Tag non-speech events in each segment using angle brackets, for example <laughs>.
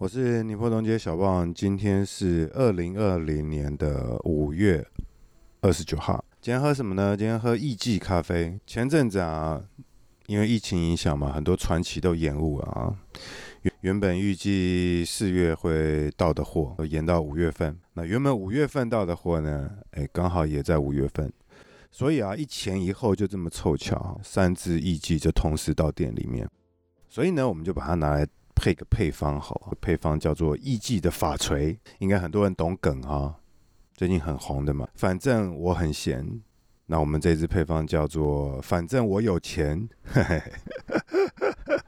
我是寧波東街小霸王，今天是二零二零年的五月二十九號。今天喝什麼呢？今天喝藝妓咖啡。前陣子啊，因為疫情影響嘛，很多傳奇都延誤了啊。原原本預計四月會到的貨，延到五月份。那原本五月份到的貨呢？哎、欸，剛好也在五月份，所以啊，一前一後就這麼湊巧，三支藝妓就同時到店裡面。所以呢，我們就把它拿來。配個配方，好，配方叫做藝妓的法錘，應該很多人懂梗啊、哦，最近很紅的嘛。反正我很閒，那我們這支配方叫做反正我有錢，嘿嘿呵呵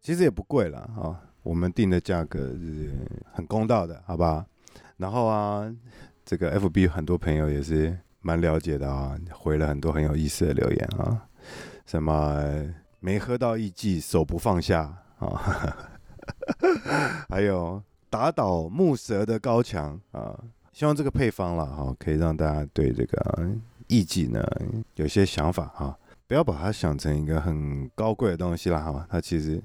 其實也不貴了啊。我們定的價格是很公道的，好吧？然後啊，這個 FB 很多朋友也是蠻了解的啊，回了很多很有意思的留言啊，什麼沒喝到藝妓手不放下啊。哦呵呵 <laughs> 還有打倒木蛇的高牆啊！希望這個配方了哈，可以讓大家對這個藝妓呢有些想法哈、啊，不要把它想成一個很高貴的東西了哈。它其實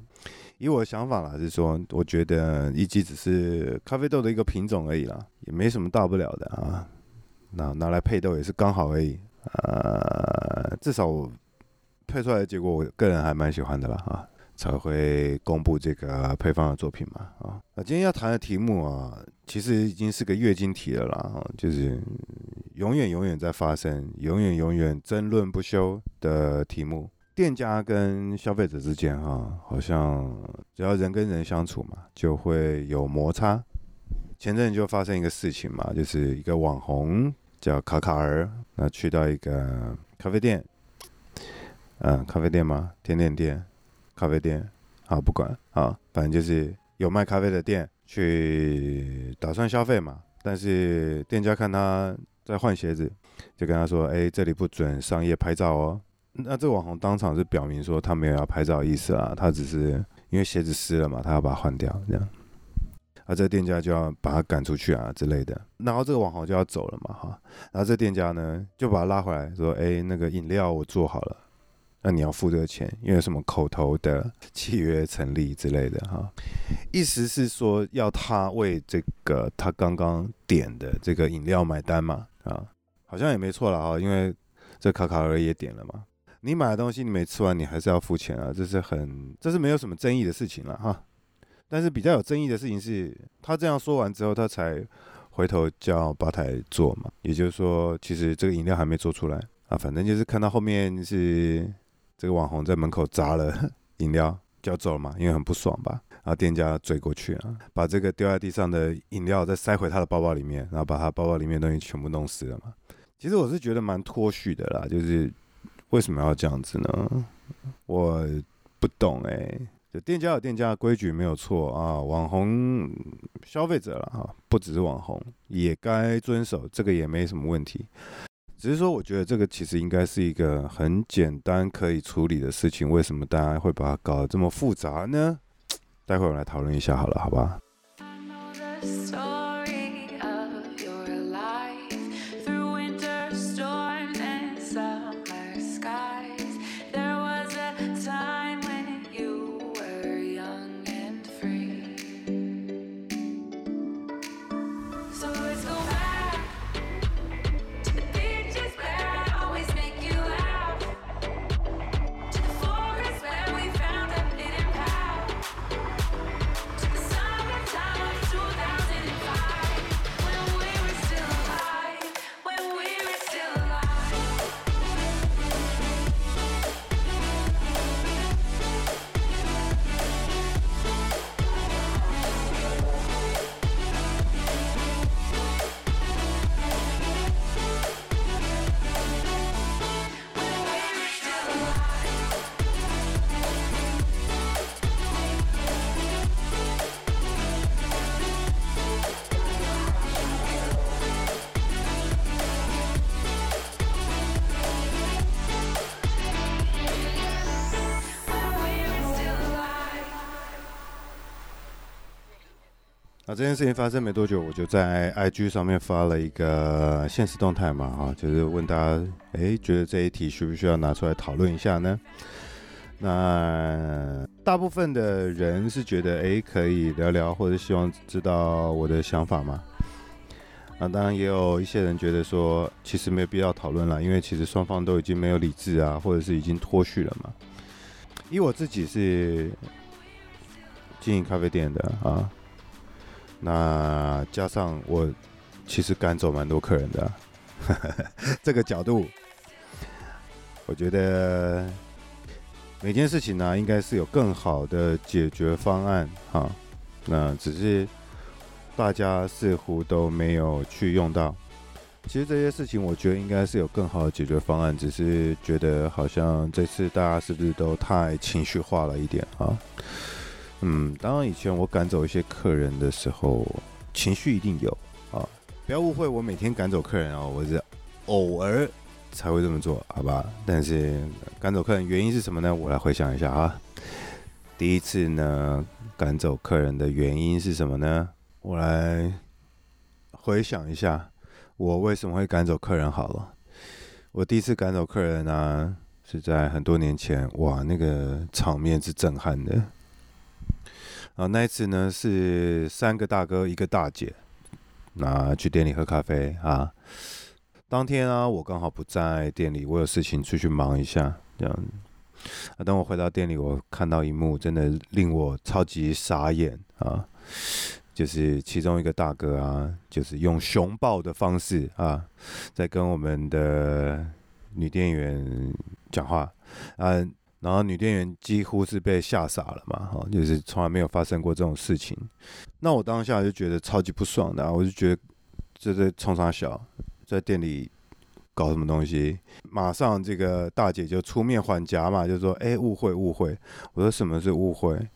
以我的想法了，是說我覺得藝妓只是咖啡豆的一個品種而已啦，也沒什麼大不了的啊。那拿來配豆也是剛好而已啊，至少我配出來的結果我個人還蠻喜歡的了哈。才會公布這個配方的作品嘛。啊，那今天要談的題目啊，其實已經是個月經題了啦，就是永遠永遠在發生，永遠永遠爭論不休的題目。店家跟消費者之間，哈，好像只要人跟人相處嘛，就會有摩擦。前陣就發生一個事情嘛，就是一個網紅叫卡卡兒，那去到一個咖啡店，嗯，咖啡店嗎？甜點店。咖啡店，啊不管啊，反正就是有賣咖啡的店去打算消費嘛，但是店家看他在換鞋子，就跟他說，欸，這裡不准商業拍照哦。那這個網紅當場是表明說他沒有要拍照的意思啊，他只是因為鞋子濕了嘛，他要把它換掉這樣。那這店家就要把他趕出去啊之類的，然後這個網紅就要走了嘛，哈，然後這店家呢，就把他拉回來，說，欸，那個飲料我做好了。那你要付這個錢，因為什麼口頭的契約成立之類的哈，意思是說要他為這個他剛剛點的這個飲料買單嘛？啊，好像也沒錯了啊，因為這卡卡兒也點了嘛。你買的東西你沒吃完，你還是要付錢啊，這是很這是沒有什麼爭議的事情了哈。但是比較有爭議的事情是，他這樣說完之後，他才回頭叫吧台做嘛，也就是說，其實這個飲料還沒做出來啊，反正就是看到後面是。這個網紅在門口砸了飲料就要走了嘛，因為很不爽吧？然後店家追過去啊，把這個掉在地上的飲料再塞回他的包包裡面，然後把他包包裡面的東西全部弄濕了嘛。其實我是覺得蠻脫序的啦，就是為什麼要這樣子呢？我不懂哎、欸。就店家有店家的規矩沒有錯啊，網紅消費者了哈，不只是網紅也該遵守，這個也沒什麼問題。只是說，我覺得這個其實應該是一個很簡單可以處理的事情。為什麼大家會把它搞得這麼複雜呢？待會我來討論一下好了，好吧？那、啊、這件事情發生沒多久，我就在 I G 上面發了一個限時動態嘛，啊，就是問大家，哎，覺得這一題需不需要拿出來討論一下呢？那大部分的人是覺得，哎，可以聊聊，或者希望知道我的想法嘛。啊，當然也有一些人覺得說，其實沒有必要討論了，因為其實雙方都已經沒有理智啊，或者是已經脫序了嘛。以我自己是經營咖啡店的啊。那加上我，其實趕走蠻多客人的、啊， <laughs> 這個角度，我覺得每件事情呢、啊，應該是有更好的解決方案啊。那只是大家似乎都沒有去用到。其實這些事情，我覺得應該是有更好的解決方案，只是覺得好像這次大家是不是都太情緒化了一點啊？嗯，當然，以前我趕走一些客人的時候，情緒一定有啊。不要誤會，我每天趕走客人啊、哦，我是偶爾才會這麼做，好吧？但是趕走客人原因是什麼呢？我來回想一下啊。第一次呢，趕走客人的原因是什麼呢？我來回想一下，我為什麼會趕走客人？好了，我第一次趕走客人啊，是在很多年前，哇，那個場面是震撼的。啊，那一次呢，是三個大哥一個大姐，那、啊、去店裡喝咖啡啊。當天啊，我剛好不在店裡，我有事情出去忙一下這樣。啊，等我回到店裡，我看到一幕真的令我超級傻眼啊！就是其中一個大哥啊，就是用熊抱的方式啊，在跟我們的女店員講話啊。然後女店員幾乎是被嚇傻了嘛，哈，就是從來沒有發生過這種事情。那我當下就覺得超級不爽的啊，我就覺得這這衝啥小，在店裡搞什麼東西？馬上這個大姐就出面緩頰嘛，就說：“哎，誤會誤會。”我說：“什麼是誤會？”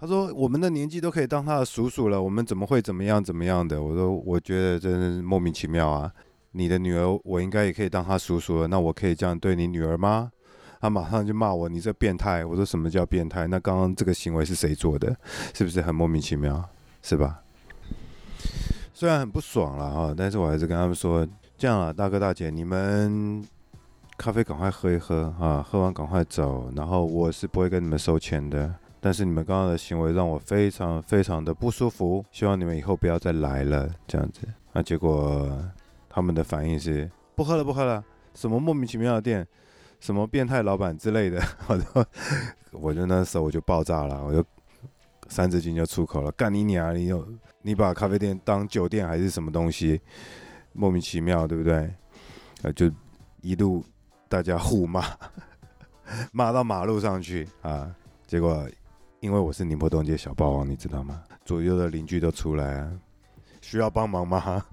她說：“我們的年紀都可以當她的叔叔了，我們怎麼會怎麼樣怎麼樣的？”我說：“我覺得真是莫名其妙啊！你的女兒我應該也可以當她叔叔了，那我可以這樣對你女兒嗎？”他馬上就罵我：“你這變態！”我說：“什麼叫變態？”那剛剛這個行為是誰做的？是不是很莫名其妙？是吧？雖然很不爽了哈，但是我還是跟他們說：“這樣啊，大哥大姐，你們咖啡趕快喝一喝啊，喝完趕快走。然後我是不會跟你們收錢的，但是你們剛剛的行為讓我非常非常的不舒服。希望你們以後不要再來了，這樣子。”那結果他們的反應是：“不喝了，不喝了！什麼莫名其妙的店？”什麼變態老闆之類的，我 <laughs> 就我就那時候我就爆炸了，我就三字經就出口了，干你娘！你有你把咖啡店當酒店還是什麼東西？莫名其妙，對不對？啊，就一路大家互罵，罵到馬路上去啊！結果因為我是寧波東街小霸王，你知道嗎？左右的鄰居都出來啊，需要幫忙嗎？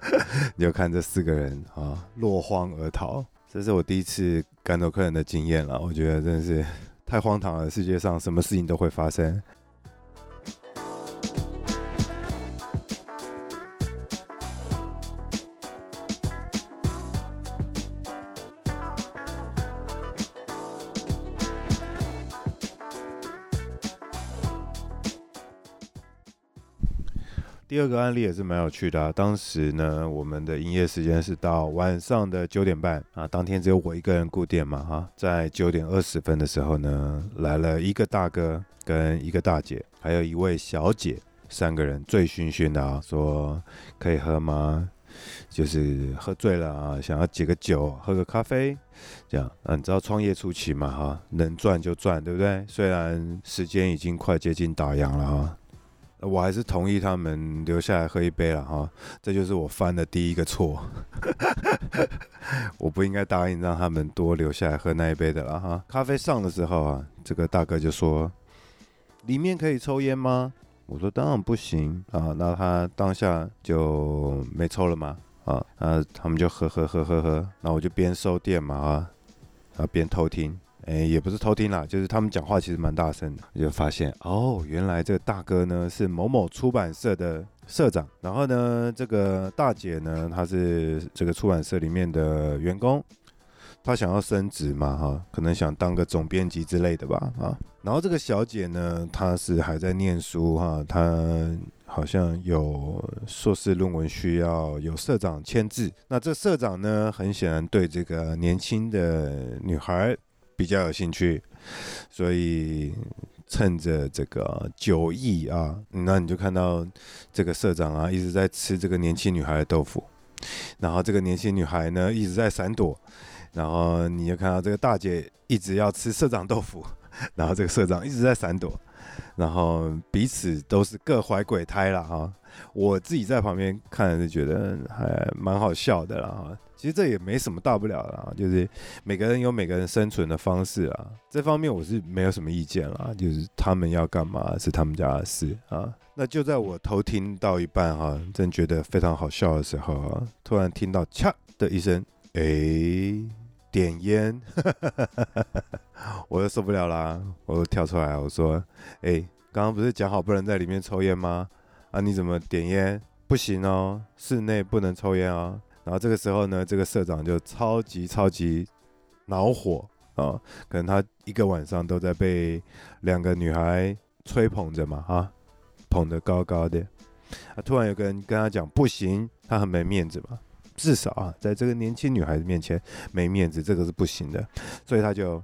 <laughs> 你就看這四個人啊，落荒而逃。這是我第一次趕走客人的經驗了，我覺得真是太荒唐了。世界上什麼事情都會發生。第二個案例也是蠻有趣的啊。當時呢，我們的營業時間是到晚上的九點半啊。當天只有我一個人顧店嘛哈、啊。在九點二十分的時候呢，來了一個大哥跟一個大姐，還有一位小姐，三個人醉醺醺的啊，說可以喝嗎？就是喝醉了啊，想要解個酒，喝個咖啡，這樣。啊、你知道創業初期嘛哈、啊，能賺就賺，對不對？雖然時間已經快接近打烊了啊。我還是同意他們留下來喝一杯了哈，這就是我犯的第一個錯， <laughs> 我不應該答應讓他們多留下來喝那一杯的啦哈。咖啡上的時候啊，這個大哥就說：“裡面可以抽煙嗎？”我說：“當然不行啊。”那他當下就沒抽了嘛，啊，那他們就喝喝喝喝喝，那我就邊收店嘛啊，啊，邊偷聽。哎，也不是偷聽啦，就是他們講話其實蠻大聲的，就發現哦，原來這個大哥呢是某某出版社的社長，然後呢這個大姐呢她是這個出版社裡面的員工，她想要升職嘛哈，可能想當個總編輯之類的吧啊，然後這個小姐呢她是還在念書哈，她好像有碩士論文需要有社長簽字，那這社長呢很顯然對這個年輕的女孩比較有興趣，所以趁着這個酒意啊，那你就看到這個社長啊一直在吃這個年輕女孩的豆腐，然後這個年輕女孩呢一直在閃躲，然後你就看到這個大姐一直要吃社長豆腐，然後這個社長一直在閃躲，然後彼此都是各懷鬼胎了哈。我自己在旁邊看著就覺得還蠻好笑的了哈。其實這也沒什麼大不了啦，就是每個人有每個人生存的方式啊，這方面我是沒有什麼意見啦，就是他們要幹嘛是他們家的事啊。那就在我偷聽到一半哈，真覺得非常好笑的時候，突然聽到“嚓”的一聲，哎，點煙， <laughs> 我又受不了啦，我又跳出來我說，哎，剛剛不是講好不能在裡面抽菸嗎？啊，你怎麼點菸？不行哦，室內不能抽菸哦。然後這個時候呢，這個社長就超級超級惱火啊，哦，可能他一個晚上都在被兩個女孩吹捧着嘛啊，捧得高高的。啊，突然有個人跟他講不行，他很沒面子嘛，至少啊，在這個年輕女孩子面前沒面子，這個是不行的。所以他就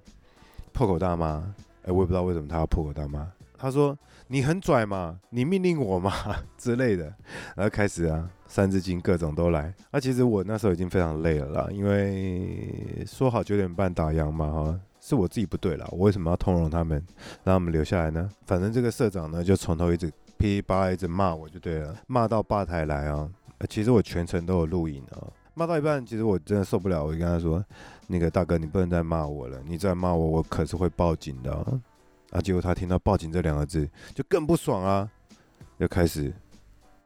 破口大罵。哎，我也不知道為什麼他要破口大罵。他說。你很拽嘛？你命令我嘛之類的，然後開始啊，三字經各種都來。那其實我那時候已經非常累了啦，因為說好九點半打烊嘛，哈，是我自己不對啦。我為什麼要通融他們，讓他們留下來呢？反正這個社長呢，就從頭一直噼里啪啦一直罵我就對了，罵到吧台來啊。其實我全程都有錄影啊。罵到一半，其實我真的受不了，我就跟他說，那個大哥，你不能再罵我了，你再罵我，我可是會報警的啊。啊！結果他聽到“報警”這兩個字，就更不爽啊，就開始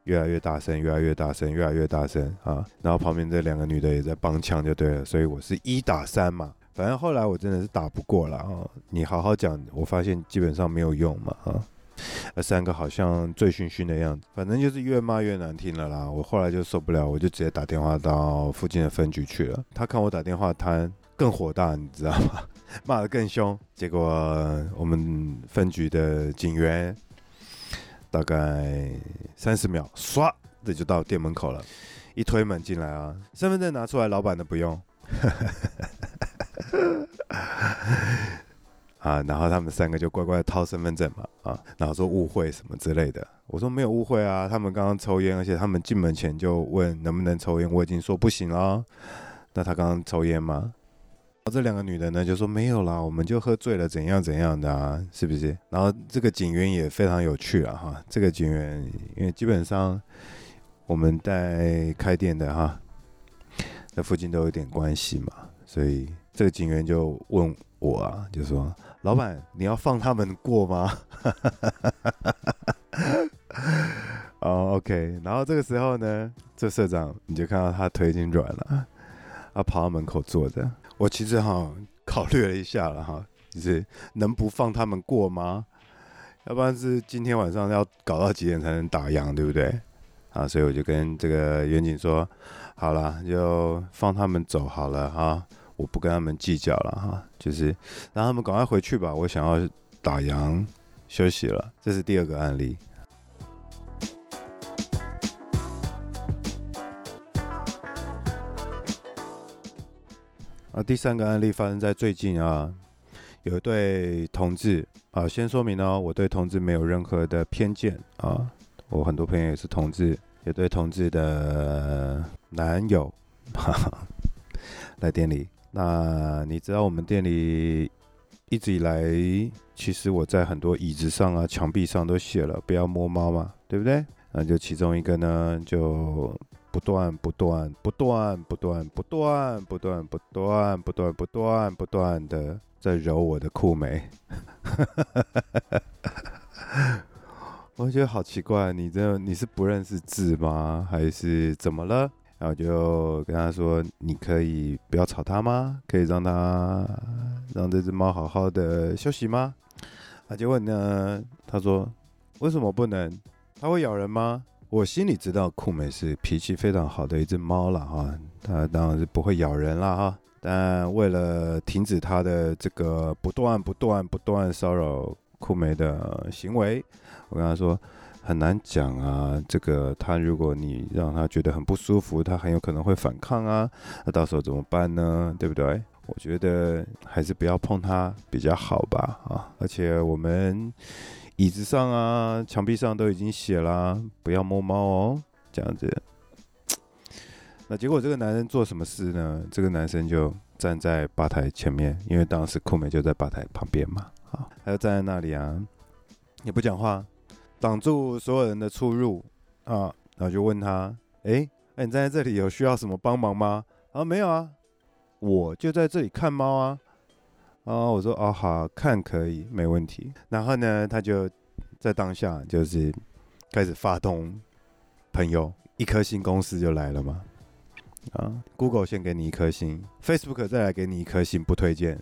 越來越大聲，越來越大聲，越來越大聲啊！然後旁邊這兩個女的也在幫腔，就對了，所以我是一打三嘛。反正後來我真的是打不過了啊！你好好講，我發現基本上沒有用嘛啊！那三個好像醉醺醺的樣子，反正就是越罵越難聽了啦。我後來就受不了，我就直接打電話到附近的分局去了。他看我打電話，他更火大，你知道嗎？罵得更兇，結果我們分局的警員大概三十秒，刷這就到店門口了。一推門進來啊，身份證拿出來，老闆的不用。 <laughs> 啊，然後他們三個就乖乖掏身份證嘛，啊，然後說誤會什麼之類的。我說沒有誤會啊，他們剛剛抽菸，而且他們進門前就問能不能抽菸，我已經說不行了。那他剛剛抽菸嗎？然後這兩個女的呢，就說沒有啦，我們就喝醉了，怎樣怎樣的啊，是不是？然後這個警員也非常有趣啊哈。這個警員因為基本上我們在開店的哈，這附近都有點關係嘛，所以這個警員就問我啊，就說：“老闆，你要放他們過嗎？”哦、 <laughs> oh, OK。然後這個時候呢，這社長你就看到他腿已經軟了，他跑到門口坐着。我其實哈考慮了一下了哈，就是能不放他們過嗎？要不然是今天晚上要搞到幾點才能打烊，對不對？啊，所以我就跟這個員警說，好了，就放他們走好了啊，我不跟他們計較了哈、啊，就是讓他們趕快回去吧，我想要打烊休息了。這是第二個案例。那、啊、第三個案例發生在最近啊，有一對同志啊，先說明呢，我對同志沒有任何的偏見啊，我很多朋友也是同志，有對同志的男友，哈哈來店裡。那你知道我們店裡一直以來，其實我在很多椅子上啊、牆壁上都寫了“不要摸貓”嘛，對不對？那就其中一個呢，就。不斷不斷不斷不斷不斷不斷不斷不斷不斷的在揉我的褲眉，我覺得好奇怪，你這你是不認識字嗎？還是怎麼了？然後就跟他說：“你可以不要吵他嗎？可以讓他讓這隻貓好好的休息嗎？”啊，結果呢，他說：“為什麼不能？他會咬人嗎？”我心裡知道酷梅是脾氣非常好的一隻貓了哈，它當然是不會咬人了哈。但為了停止它的這個不斷、不斷、不斷騷擾酷梅的行為，我跟他說很難講啊。這個它如果你讓它覺得很不舒服，它很有可能會反抗啊。那到時候怎麼辦呢？對不對？我覺得還是不要碰它比較好吧啊。而且我們。椅子上啊，牆壁上都已經寫了、啊“不要摸貓”哦，這樣子。那結果這個男生做什麼事呢？這個男生就站在吧台前面，因為當時庫美就在吧台旁邊嘛，啊，他就站在那裡啊，也不講話，擋住所有人的出入啊。然後就問他：“哎、欸，誒、欸，你站在這裡有需要什麼幫忙嗎？”啊，沒有啊，我就在這裡看貓啊。哦，我說哦，好看可以，沒問題。然後呢，他就在當下就是開始發動朋友，一顆星公司就來了嘛。啊，Google 先給你一顆星，Facebook 再來給你一顆星，不推薦。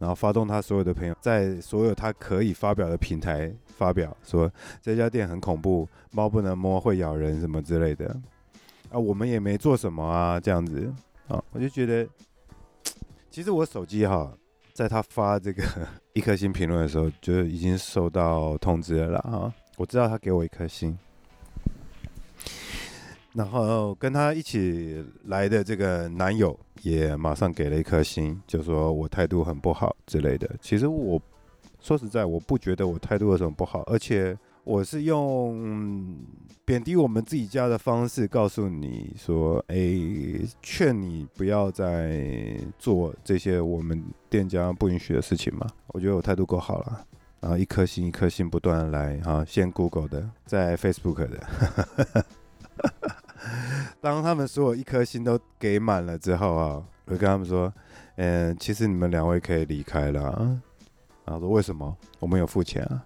然後發動他所有的朋友，在所有他可以發表的平台發表說這家店很恐怖，貓不能摸，會咬人什麼之類的。啊，我們也沒做什麼啊，這樣子啊，哦，我就覺得其實我手機哈。在他發這個一顆星評論的時候，就已經收到通知了哈。我知道他給我一顆星，然後跟他一起來的這個男友也馬上給了一顆星，就說我態度很不好之類的。其實我說實在，我不覺得我態度有什麼不好，而且，我是用貶低我們自己家的方式告訴你說：“哎、欸，勸你不要再做這些我們店家不允許的事情嘛。”我覺得我態度夠好了，然後一顆星一顆星不斷的來啊，先 Google 的，再 Facebook 的， <laughs> 當他們所有一顆星都給滿了之後啊，我跟他們說：“嗯、欸，其實你們兩位可以離開了。”然後說：“為什麼？我們有付錢啊？”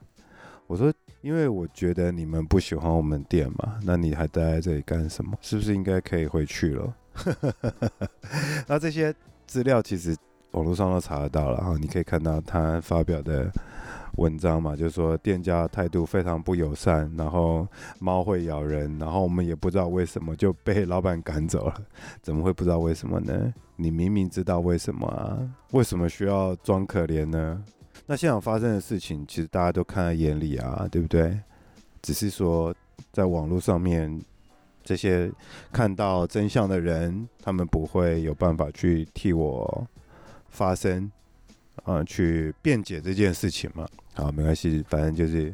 我說。因為我覺得你們不喜歡我們店嘛，那你還待在這裡幹什麼？是不是應該可以回去了？ <laughs> 那這些資料其實網絡上都查得到了，然後你可以看到他發表的文章嘛，就是、說店家態度非常不友善，然後貓會咬人，然後我們也不知道為什麼就被老闆趕走了，怎麼會不知道為什麼呢？你明明知道為什麼啊？為什麼需要裝可憐呢？那現場發生的事情，其實大家都看在眼裡啊，對不對？只是說，在網絡上面，這些看到真相的人，他們不會有辦法去替我發聲，啊、嗯，去辯解這件事情嘛。好，沒關係，反正就是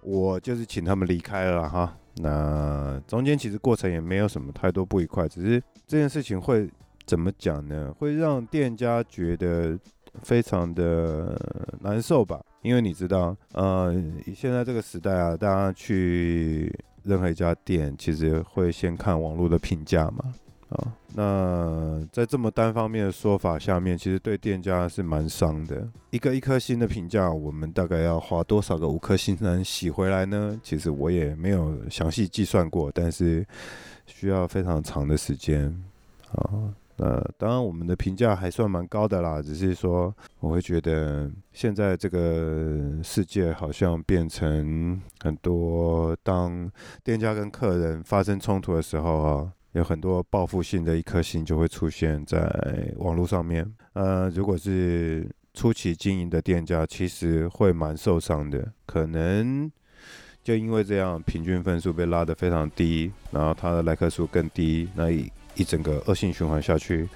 我就是請他們離開了哈。那中間其實過程也沒有什麼太多不愉快，只是這件事情會怎麼講呢？會讓店家覺得。非常的難受吧，因為你知道，呃，現在這個時代啊，大家去任何一家店，其實會先看網絡的評價嘛，啊，那在這麼單方面的說法下面，其實對店家是蠻傷的。一個一顆星的評價，我們大概要花多少個五顆星才能洗回來呢？其實我也沒有詳細計算過，但是需要非常長的時間，啊。呃，當然我們的評價還算蠻高的啦，只是說我會覺得現在這個世界好像變成很多，當店家跟客人發生衝突的時候啊，有很多報復性的一顆星就會出現在網絡上面。呃，如果是初期經營的店家，其實會蠻受傷的，可能就因為這樣平均分數被拉得非常低，然後他的來客數更低，那。一整個惡性循環下去，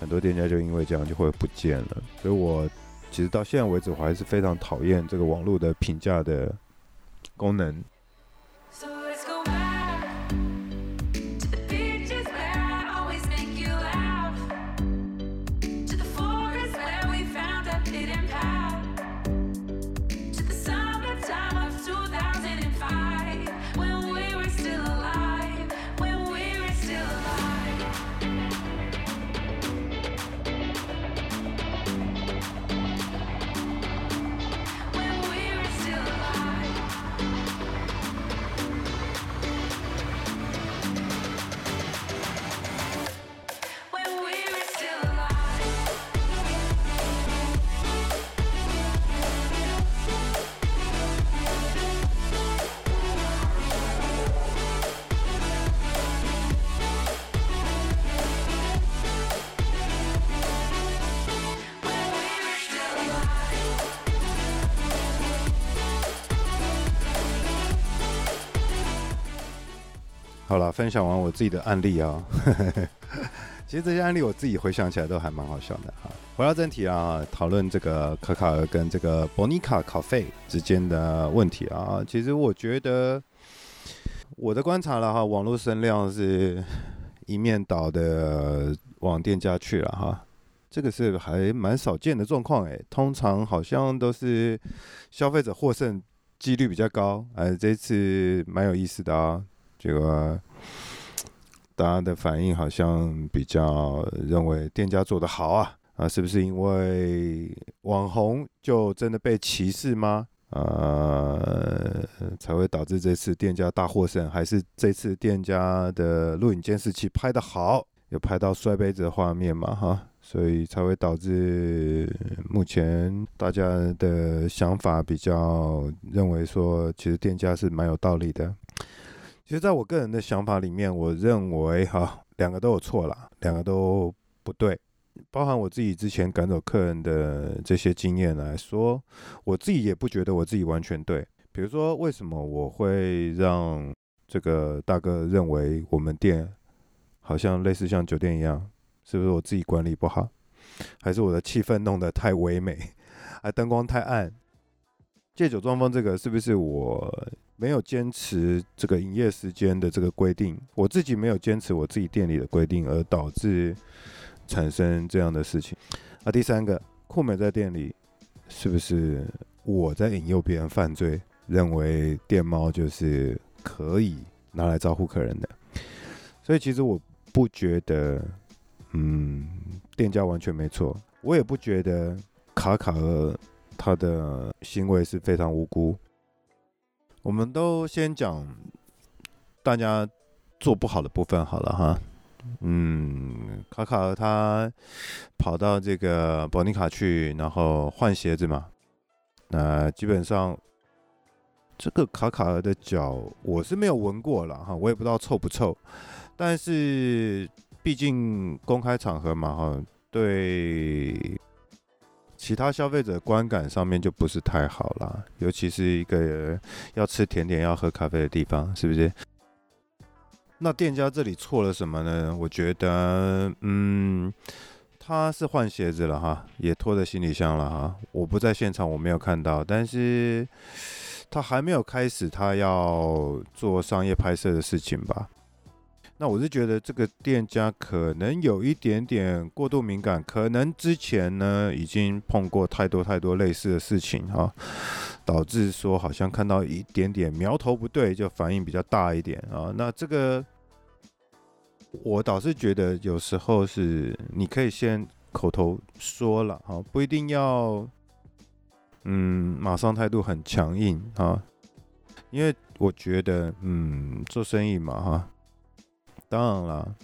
很多店家就因為這樣就會不見了。所以，我其實到現在為止，我還是非常討厭這個網絡的評價的功能。分享完我自己的案例啊、哦，其實這些案例我自己回想起來都還蠻好笑的哈、啊。回到正題啊，討論這個卡卡兒跟這個 Bonica 咖啡之間的問題啊。其實我覺得我的觀察了哈、啊，網絡聲量是一面倒的往店家去了哈、啊。這個是還蠻少見的狀況誒。通常好像都是消費者獲勝幾率比較高，哎、啊，這次蠻有意思的啊。這個、啊、大家的反應好像比較認為店家做得好啊啊，是不是因為網紅就真的被歧視嗎？呃、啊，才會導致這次店家大獲勝，還是這次店家的錄影監視器拍得好，有拍到摔杯子的畫面嘛？哈、啊，所以才會導致目前大家的想法比較認為說，其實店家是蠻有道理的。其實，在我個人的想法裡面，我認為哈、啊，兩個都有錯啦，兩個都不對。包含我自己之前趕走客人的這些經驗來說，我自己也不覺得我自己完全對。比如說，為什麼我會讓這個大哥認為我們店好像類似像酒店一樣？是不是我自己管理不好，還是我的氣氛弄得太唯美，還、啊、燈光太暗？借酒裝瘋，這個是不是我？沒有堅持這個營業時間的這個規定，我自己沒有堅持我自己店裡的規定，而導致產生這樣的事情。啊，第三個，庫美在店裡是不是我在引誘別人犯罪？認為店貓就是可以拿來招呼客人的，所以其實我不覺得，嗯，店家完全沒錯。我也不覺得卡卡兒他的行為是非常無辜。我們都先講大家做不好的部分好了哈，嗯，卡卡兒他跑到這個 Bonica 去，然後換鞋子嘛，那、呃、基本上這個卡卡兒的腳我是沒有聞過了哈，我也不知道臭不臭，但是畢竟公開場合嘛哈，對。其他消費者觀感上面就不是太好了，尤其是一個要吃甜點、要喝咖啡的地方，是不是？那店家這裡錯了什麼呢？我覺得，嗯，他是換鞋子了哈，也拖在行李箱了哈。我不在現場，我沒有看到，但是他還沒有開始他要做商業拍攝的事情吧？那我是覺得這個店家可能有一點點過度敏感，可能之前呢已經碰過太多太多類似的事情哈，導致說好像看到一點點苗頭不對，就反應比較大一點啊。那這個我倒是覺得有時候是你可以先口頭說了哈，不一定要嗯馬上態度很強硬啊，因為我覺得嗯做生意嘛哈。當然了，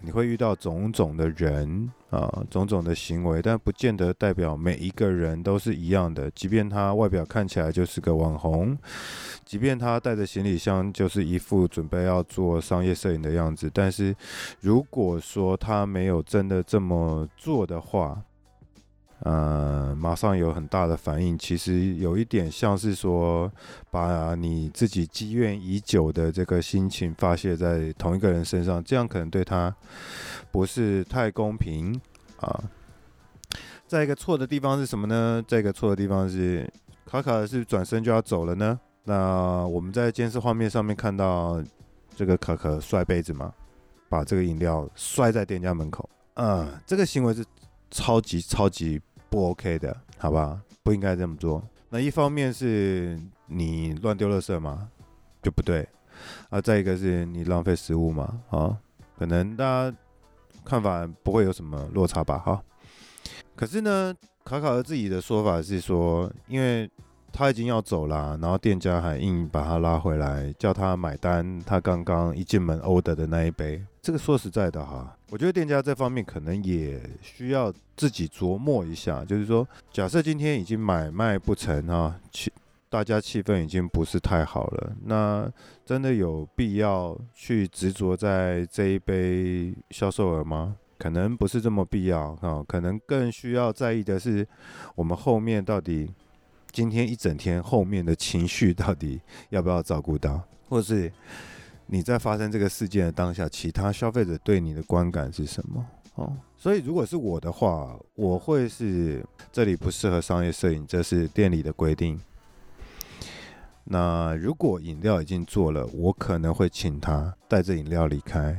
你會遇到種種的人啊，種種的行為，但不見得代表每一個人都是一樣的。即便他外表看起來就是個網紅，即便他帶着行李箱就是一副準備要做商業攝影的樣子，但是如果說他沒有真的這麼做的話，呃，馬上有很大的反應，其實有一點像是說，把你自己積怨已久的這個心情發洩在同一個人身上，這樣可能對他不是太公平啊。再一個錯的地方是什麼呢？再一個錯的地方是，卡卡是轉身就要走了呢。那我們在監視畫面上面看到這個卡卡摔杯子嘛，把這個飲料摔在店家門口，嗯、呃，這個行為是超級超級。不 OK 的，好吧？不應該這麼做。那一方面是你亂丟垃圾嘛，就不對啊。而再一個是你浪費食物嘛，啊、哦，可能大家看法不會有什麼落差吧，哈、哦。可是呢，卡卡兒自己的說法是說，因為。他已經要走了，然後店家還硬把他拉回來，叫他買單。他剛剛一進門 order 的那一杯，這個說實在的哈，我覺得店家這方面可能也需要自己琢磨一下。就是說，假設今天已經買賣不成啊，氣大家氣氛，已經不是太好了，那真的有必要去執着在這一杯銷售額嗎？可能不是這麼必要啊，可能更需要在意的是我們後面到底。今天一整天後面的情緒到底要不要照顧到，或是你在發生這個事件的當下，其他消費者對你的觀感是什麼？哦，所以如果是我的話，我會是這裡不適合商業攝影，這是店裡的規定。那如果飲料已經做了，我可能會請他帶着飲料離開，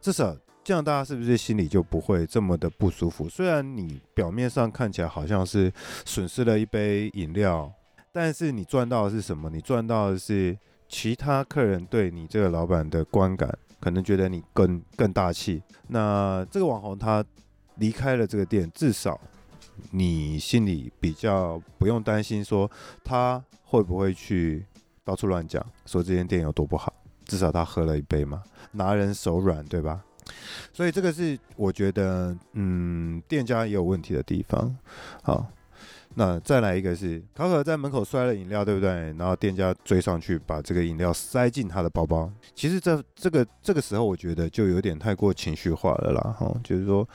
至少。這樣大家是不是心裡就不會這麼的不舒服？雖然你表面上看起來好像是損失了一杯飲料，但是你賺到的是什麼？你賺到的是其他客人對你這個老板的觀感，可能覺得你更更大氣。那這個網紅他離開了這個店，至少你心裡比較不用擔心，說他會不會去到處亂講，說這間店有多不好。至少他喝了一杯嘛，拿人手軟，對吧？所以這個是我覺得，嗯，店家也有問題的地方。好，那再來一個是，卡卡在門口摔了飲料，對不對？然後店家追上去把這個飲料塞進他的包包。其實這這個這個時候，我覺得就有點太過情緒化了啦。哈，就是說，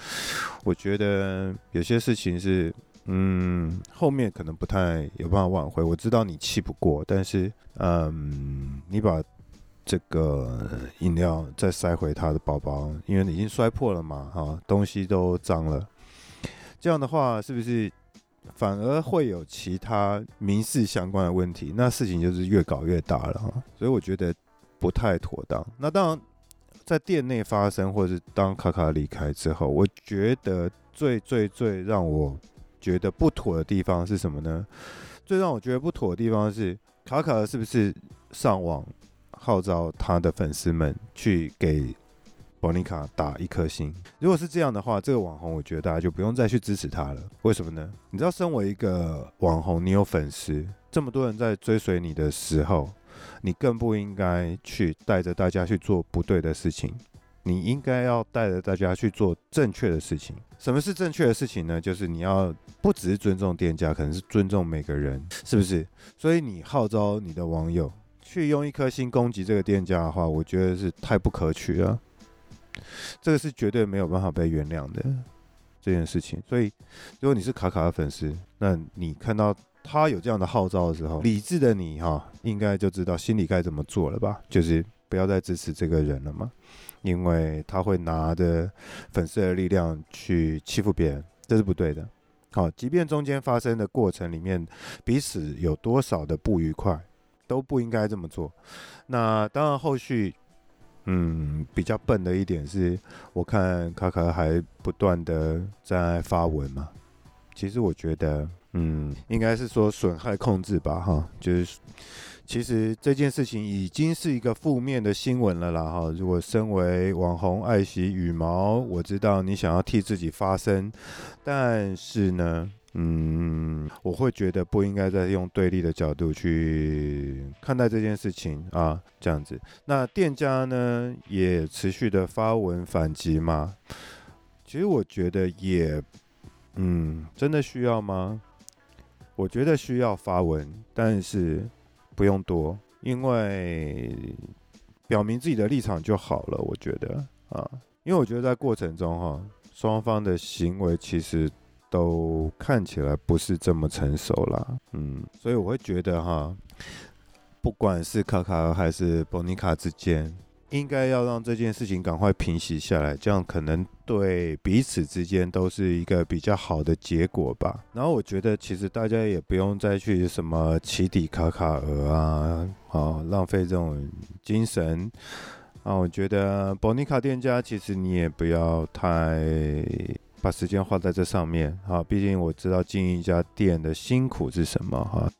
我覺得有些事情是，嗯，後面可能不太有辦法挽回。我知道你氣不過，但是，嗯，你把。這個飲料再塞回他的包包，因為已經摔破了嘛，哈，東西都髒了。這樣的話，是不是反而會有其他民事相關的問題？那事情就是越搞越大了，哈。所以我覺得不太妥當。那當在店內發生，或者是當卡卡離開之後，我覺得最最最讓我覺得不妥的地方是什麼呢？最讓我覺得不妥的地方是卡卡是不是上網？號召他的粉絲們去給保尼卡打一顆星。如果是這樣的話，這個網紅我覺得大家就不用再去支持他了。為什麼呢？你知道，身為一個網紅，你有粉絲這麼多人在追隨你的時候，你更不應該去帶着大家去做不對的事情。你應該要帶着大家去做正確的事情。什麼是正確的事情呢？就是你要不只是尊重店家，可能是尊重每個人，是不是？所以你號召你的網友。去用一顆星攻擊這個店家的話，我覺得是太不可取了。這個是絕對沒有辦法被原諒的這件事情。所以，如果你是卡卡的粉絲，那你看到他有這樣的號召的時候，理智的你哈，應該就知道心裡該怎麼做了吧？就是不要再支持這個人了嘛，因為他會拿着粉絲的力量去欺負別人，這是不對的。好，即便中間發生的過程裡面彼此有多少的不愉快。都不應該這麼做。那當然後續，嗯，比較笨的一點是，我看卡卡還不斷的在發文嘛。其實我覺得，嗯，應該是說損害控制吧，哈，就是其實這件事情已經是一個負面的新聞了啦，哈。如果身為網紅愛惜羽毛，我知道你想要替自己發聲，但是呢，嗯，我會覺得不應該再用對立的角度去看待這件事情啊，這樣子。那店家呢，也持續的發文反擊嗎？其實我覺得也，嗯，真的需要嗎？我覺得需要發文，但是不用多，因為表明自己的立場就好了。我覺得啊，因為我覺得在過程中哈，雙方的行為其實。都看起來不是這麼成熟啦，嗯，所以我會覺得哈，不管是卡卡兒還是 Bonica 之間，應該要讓這件事情趕快平息下來，這樣可能對彼此之間都是一個比較好的結果吧。然後我覺得其實大家也不用再去什麼起底卡卡兒啊，啊，浪費這種精神啊。我覺得 Bonica 店家其實你也不要太。把時間花在這上面，啊，畢竟我知道經營一家店的辛苦是什麼。哈，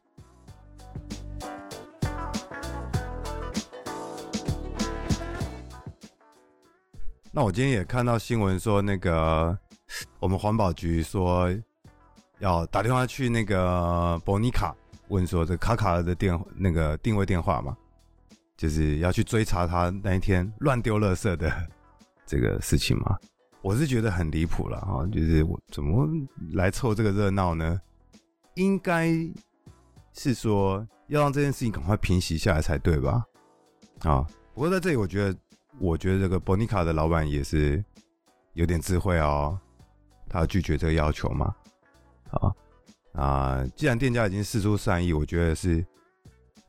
那我今天也看到新聞說，那個我們環保局說要打電話去那個 Bonica 問說，這卡卡的電那個定位電話嘛，就是要去追查他那一天亂丟垃圾的這個事情嗎？我是覺得很離譜了哈，就是我怎麼來湊這個熱鬧呢？應該是說要讓這件事情趕快平息下來才對吧？啊，不過在這裡，我覺得，我覺得這個 Bonica 的老闆也是有點智慧哦、喔，他拒絕這個要求嘛？啊啊，既然店家已經釋出善意，我覺得是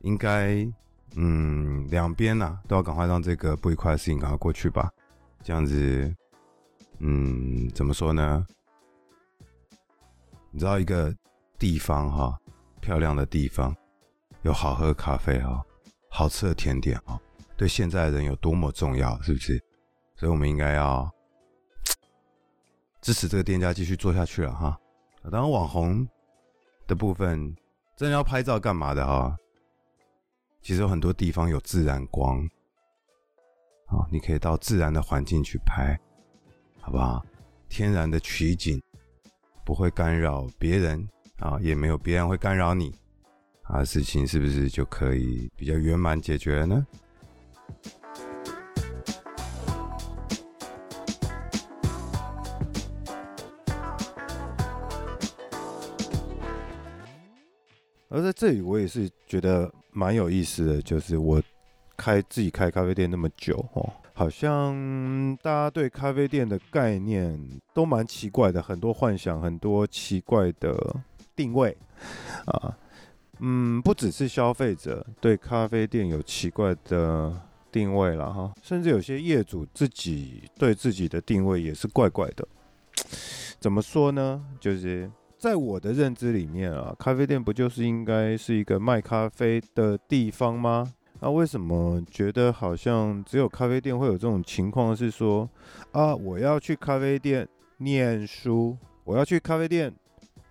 應該，嗯，兩邊呢都要趕快讓這個不愉快的事情趕快過去吧，這樣子。嗯，怎麼說呢？你知道一個地方哈，漂亮的地方，有好喝咖啡啊，好吃的甜點啊，對現在的人有多麼重要，是不是？所以，我們應該要支持這個店家繼續做下去了哈。當然，網紅的部分，真的要拍照幹嘛的啊？其實有很多地方有自然光啊，你可以到自然的環境去拍。好不好？天然的取景，不會干擾別人啊，也沒有別人會干擾你啊，事情是不是就可以比較圓滿解決了呢？而在這裡，我也是覺得蠻有意思的，就是我。開自己開咖啡店那麼久哦，好像大家對咖啡店的概念都蠻奇怪的，很多幻想，很多奇怪的定位啊。嗯，不只是消費者對咖啡店有奇怪的定位啦，哈，甚至有些業主自己對自己的定位也是怪怪的。怎麼說呢？就是在我的認知裡面啊，咖啡店不就是應該是一個賣咖啡的地方嗎？那、啊、為什麼覺得好像只有咖啡店會有這種情況？是說啊，我要去咖啡店念書，我要去咖啡店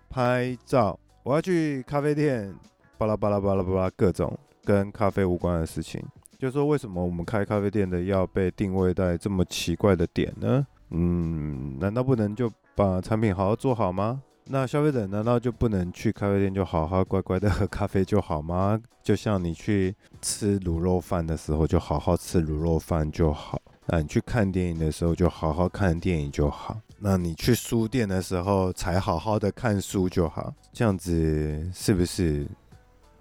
拍照，我要去咖啡店巴拉巴拉巴拉巴拉各種跟咖啡無關的事情。就是說，為什麼我們開咖啡店的要被定位在這麼奇怪的點呢？嗯，難道不能就把產品好好做好嗎？那消費者難道就不能去咖啡店就好好乖乖的喝咖啡就好嗎？就像你去吃滷肉飯的時候就好好吃滷肉飯就好，那你去看電影的時候就好好看電影就好，那你去書店的時候才好好的看書就好，這樣子是不是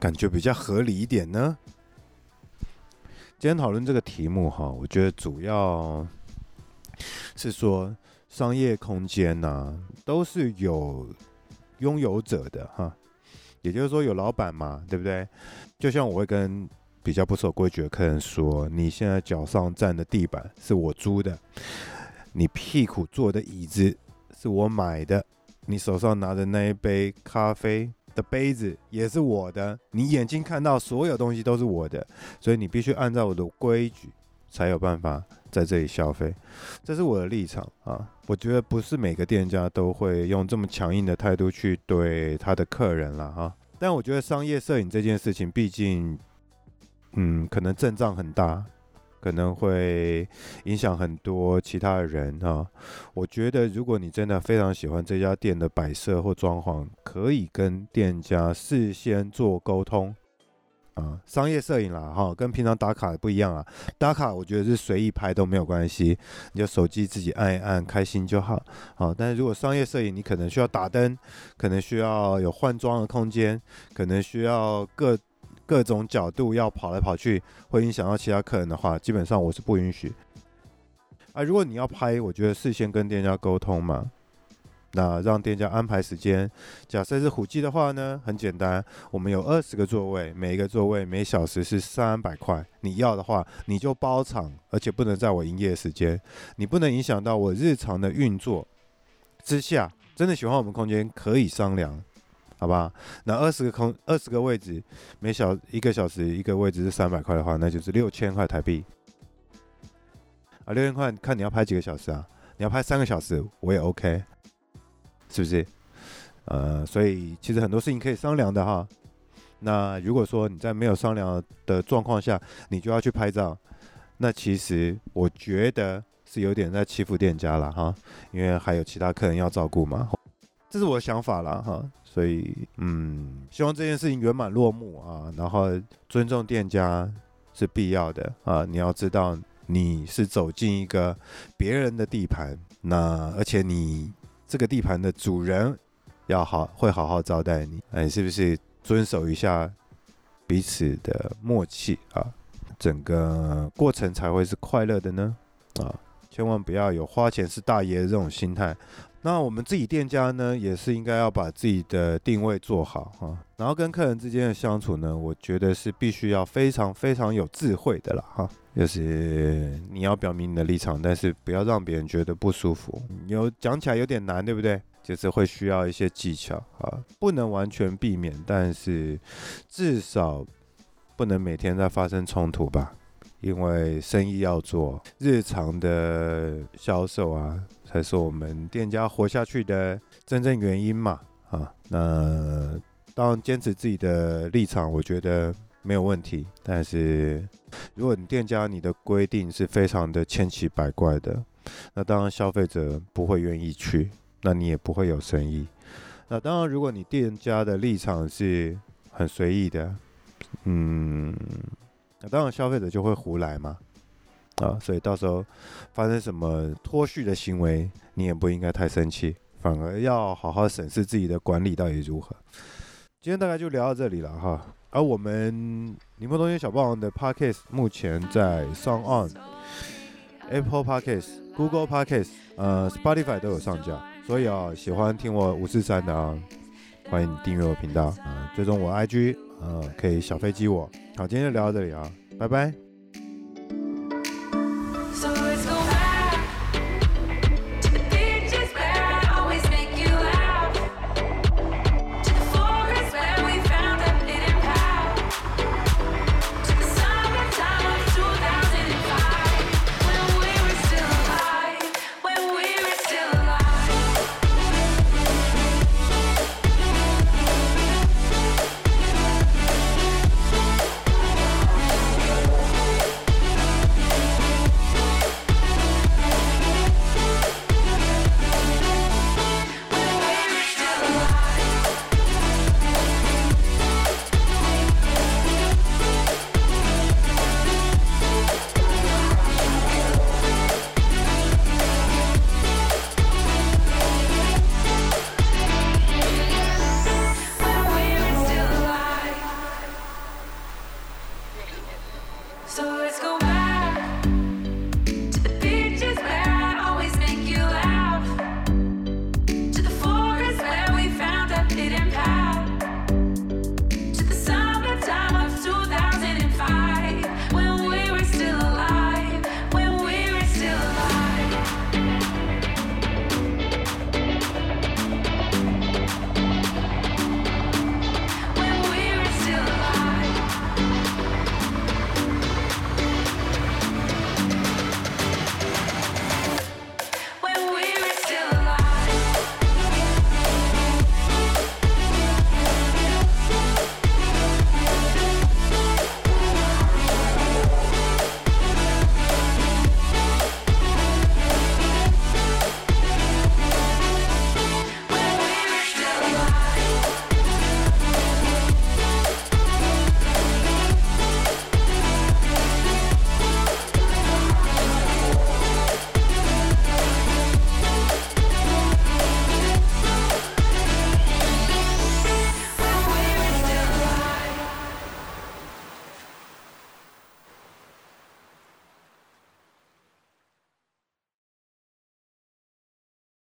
感覺比較合理一點呢？今天討論這個題目哈，我覺得主要是說。商業空間呐、啊，都是有擁有者的哈，也就是說有老闆嘛，對不對？就像我會跟比較不守規矩的客人說：“你現在腳上站的地板是我租的，你屁股坐的椅子是我買的，你手上拿的那一杯咖啡的杯子也是我的，你眼睛看到所有東西都是我的，所以你必須按照我的規矩。”才有辦法在這裡消費，這是我的立場啊。我覺得不是每個店家都會用這麼強硬的態度去對他的客人啦哈啊。但我覺得商業攝影這件事情，畢竟，嗯，可能陣仗很大，可能會影響很多其他的人啊。我覺得如果你真的非常喜歡這家店的擺設或裝潢，可以跟店家事先做溝通。啊，商業攝影啦，哈、哦，跟平常打卡也不一樣啊。打卡我覺得是隨意拍都沒有關係，你就手機自己按一按，開心就好。好、哦，但是如果商業攝影，你可能需要打燈，可能需要有換裝的空間，可能需要各各種角度要跑來跑去，會影響到其他客人的話，基本上我是不允許。啊，如果你要拍，我覺得事先跟店家溝通嘛。那讓店家安排時間。假設是虎記的話呢，很簡單，我們有二十個座位，每一個座位每小時是三百塊。你要的話，你就包場，而且不能在我營業時間，你不能影響到我日常的運作。之下，真的喜歡我們空間可以商量，好吧？那二十個空，二十個位置，每小一個小時一個位置是三百塊的話，那就是六千塊台幣。啊，六千塊，看你要拍幾個小時啊？你要拍三個小時，我也 OK。是不是？呃，所以其實很多事情可以商量的哈。那如果說你在沒有商量的狀況下，你就要去拍照，那其實我覺得是有點在欺負店家了哈，因為還有其他客人要照顧嘛。這是我的想法啦哈。所以，嗯，希望這件事情圓滿落幕啊。然後尊重店家是必要的啊。你要知道，你是走進一個別人的地盤，那而且你。這個地盤的主人要好，會好好招待你，哎、啊，你是不是遵守一下彼此的默契啊？整個過程才會是快樂的呢？啊，千萬不要有花錢是大爺這種心態。那我們自己店家呢，也是應該要把自己的定位做好哈，然後跟客人之間的相處呢，我覺得是必須要非常非常有智慧的啦哈，就是你要表明你的立場，但是不要讓別人覺得不舒服。有講起來有點難，對不對？就是會需要一些技巧啊，不能完全避免，但是至少不能每天在發生衝突吧，因為生意要做，日常的銷售啊。才是我們店家活下去的真正原因嘛。啊，那當然堅持自己的立場，我覺得沒有問題。但是如果你店家你的規定是非常的千奇百怪的，那當然消費者不會願意去，那你也不會有生意。那當然，如果你店家的立場是很隨意的，嗯，那當然消費者就會胡來嘛。啊，所以到時候發生什麼脫序的行為，你也不應該太生氣，反而要好好審視自己的管理到底如何。今天大概就聊到這裡了哈。而、啊、我們寧波同學小霸王的 Podcast 目前在 Sound On、嗯、Apple Podcast、Google Podcasts、呃、呃 Spotify 都有上架，所以啊、哦，喜歡聽我五四三的啊，歡迎你訂閱我頻道啊，追、呃、蹤我 IG 啊、呃，可以小飛機我。好，今天就聊到這裡啊，拜拜。